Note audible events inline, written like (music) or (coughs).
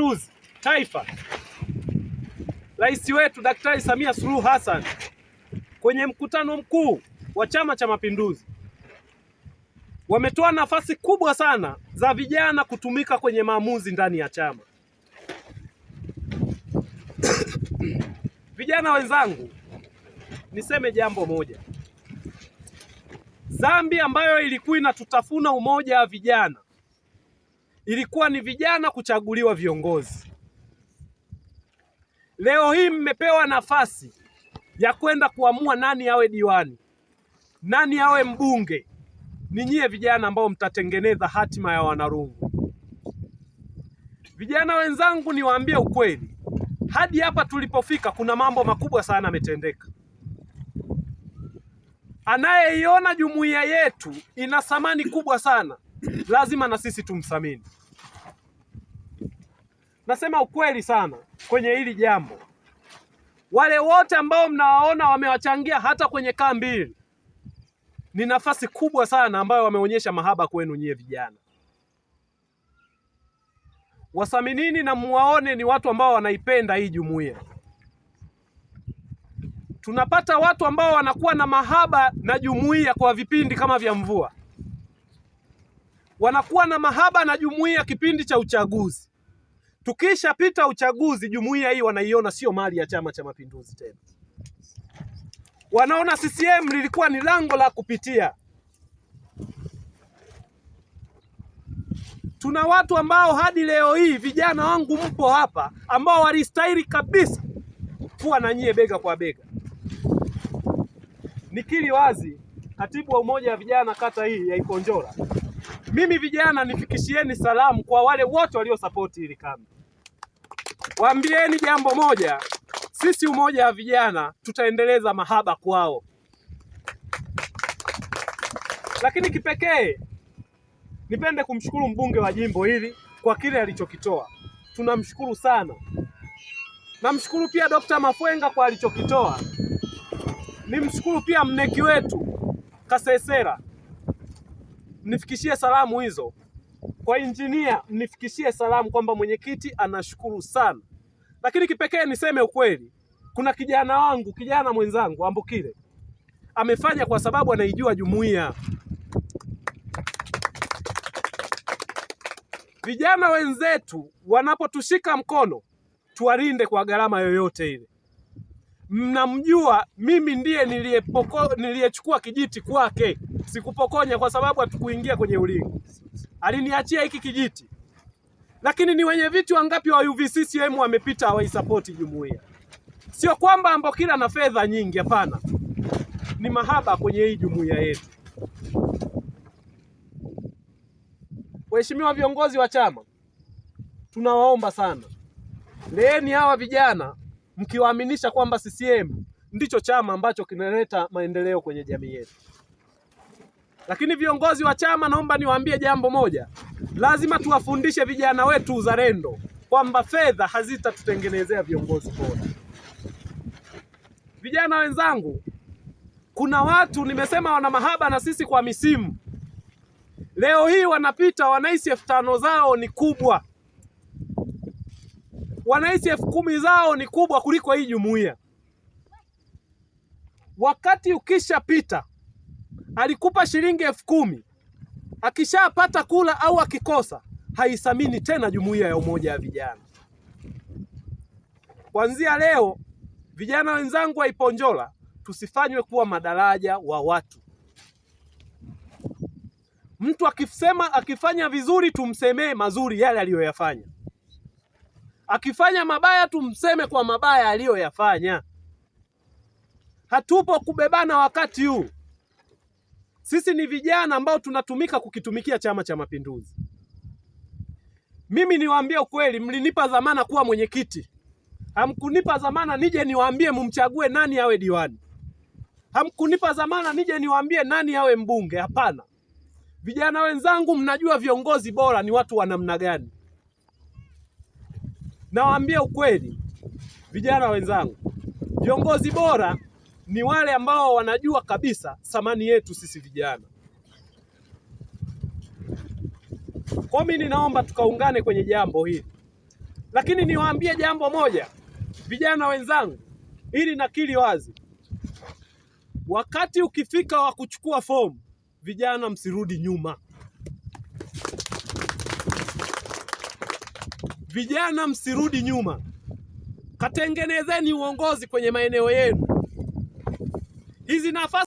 Mapinduzi taifa, rais wetu Daktari Samia Suluhu Hassan kwenye mkutano mkuu wa Chama cha Mapinduzi wametoa nafasi kubwa sana za vijana kutumika kwenye maamuzi ndani ya chama. (coughs) Vijana wenzangu, niseme jambo moja. Dhambi ambayo ilikuwa inatutafuna umoja wa vijana ilikuwa ni vijana kuchaguliwa viongozi. Leo hii mmepewa nafasi ya kwenda kuamua nani awe diwani, nani awe mbunge. Ni nyie vijana ambao mtatengeneza hatima ya Wanarungu. Vijana wenzangu, niwaambie ukweli, hadi hapa tulipofika, kuna mambo makubwa sana yametendeka. Anayeiona jumuiya yetu ina thamani kubwa sana lazima na sisi tumthamini. Nasema ukweli sana kwenye hili jambo, wale wote ambao mnawaona wamewachangia hata kwenye kaa mbili ni nafasi kubwa sana ambayo wameonyesha mahaba kwenu nyie vijana. Wasaminini na muwaone ni watu ambao wanaipenda hii jumuiya. Tunapata watu ambao wanakuwa na mahaba na jumuiya kwa vipindi kama vya mvua wanakuwa na mahaba na jumuiya kipindi cha uchaguzi. Tukishapita uchaguzi, jumuiya hii wanaiona sio mali ya Chama cha Mapinduzi tena. Wanaona CCM lilikuwa ni lango la kupitia. Tuna watu ambao hadi leo hii vijana wangu mpo hapa ambao walistahili kabisa kuwa na nyie bega kwa bega. Nikiri wazi, katibu wa umoja wa vijana kata hii ya Ikonjola mimi vijana, nifikishieni salamu kwa wale wote waliosapoti hili kambi, waambieni jambo moja, sisi umoja wa vijana tutaendeleza mahaba kwao, lakini kipekee nipende kumshukuru mbunge wa jimbo hili kwa kile alichokitoa, tunamshukuru sana. Namshukuru pia Dokta Mafwenga kwa alichokitoa, nimshukuru pia mneki wetu Kasesera mnifikishie salamu hizo kwa injinia, mnifikishie salamu kwamba mwenyekiti anashukuru sana. Lakini kipekee niseme ukweli, kuna kijana wangu, kijana mwenzangu Ambukile amefanya kwa sababu anaijua jumuiya. Vijana wenzetu wanapotushika mkono, tuwalinde kwa gharama yoyote ile mnamjua mimi ndiye niliyechukua kijiti kwake, sikupokonya kwa sababu hatukuingia kwenye ulingo, aliniachia hiki kijiti. Lakini ni wenye viti wangapi wa UVCCM wamepita hawaisapoti jumuiya? Sio kwamba Ambokila na fedha nyingi, hapana, ni mahaba kwenye hii jumuiya yetu. Waheshimiwa viongozi wa chama, tunawaomba sana, leeni hawa vijana mkiwaaminisha kwamba CCM ndicho chama ambacho kinaleta maendeleo kwenye jamii yetu. Lakini viongozi wa chama, naomba niwaambie jambo moja, lazima tuwafundishe vijana wetu uzalendo, kwamba fedha hazitatutengenezea viongozi bora. Vijana wenzangu, kuna watu nimesema wana mahaba na sisi kwa misimu. Leo hii wanapita wanaisi elfu tano zao ni kubwa, wanahisi elfu kumi zao ni kubwa kuliko hii jumuiya. Wakati ukishapita alikupa shilingi elfu kumi akishapata kula au akikosa haithamini tena jumuiya ya umoja wa vijana. Kuanzia leo, vijana wenzangu wa Iponjola, tusifanywe kuwa madaraja wa watu. Mtu akisema akifanya vizuri, tumsemee mazuri yale aliyoyafanya. Akifanya mabaya tumseme kwa mabaya aliyoyafanya. Hatupo kubebana wakati huu. Sisi ni vijana ambao tunatumika kukitumikia Chama cha Mapinduzi. Mimi niwaambie ukweli, mlinipa dhamana kuwa mwenyekiti, hamkunipa dhamana nije niwaambie mumchague nani awe diwani, hamkunipa dhamana nije niwaambie nani awe mbunge. Hapana, vijana wenzangu, mnajua viongozi bora ni watu wa namna gani. Nawaambia ukweli vijana wenzangu, viongozi bora ni wale ambao wanajua kabisa thamani yetu sisi vijana. Kwa mimi ninaomba tukaungane kwenye jambo hili, lakini niwaambie jambo moja vijana wenzangu, ili nakili wazi, wakati ukifika wa kuchukua fomu, vijana msirudi nyuma. Vijana msirudi nyuma, katengenezeni uongozi kwenye maeneo yenu hizi nafasi